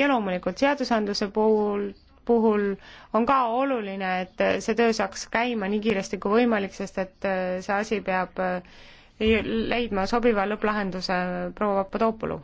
ja loomulikult seadusandluse puhul, puhul on ka oluline, et see töö saaks käima nii kiiresti kui võimalik, sest et äh, see asi peab äh, leidma sobiva lõpplahenduse proua Papadopoulou.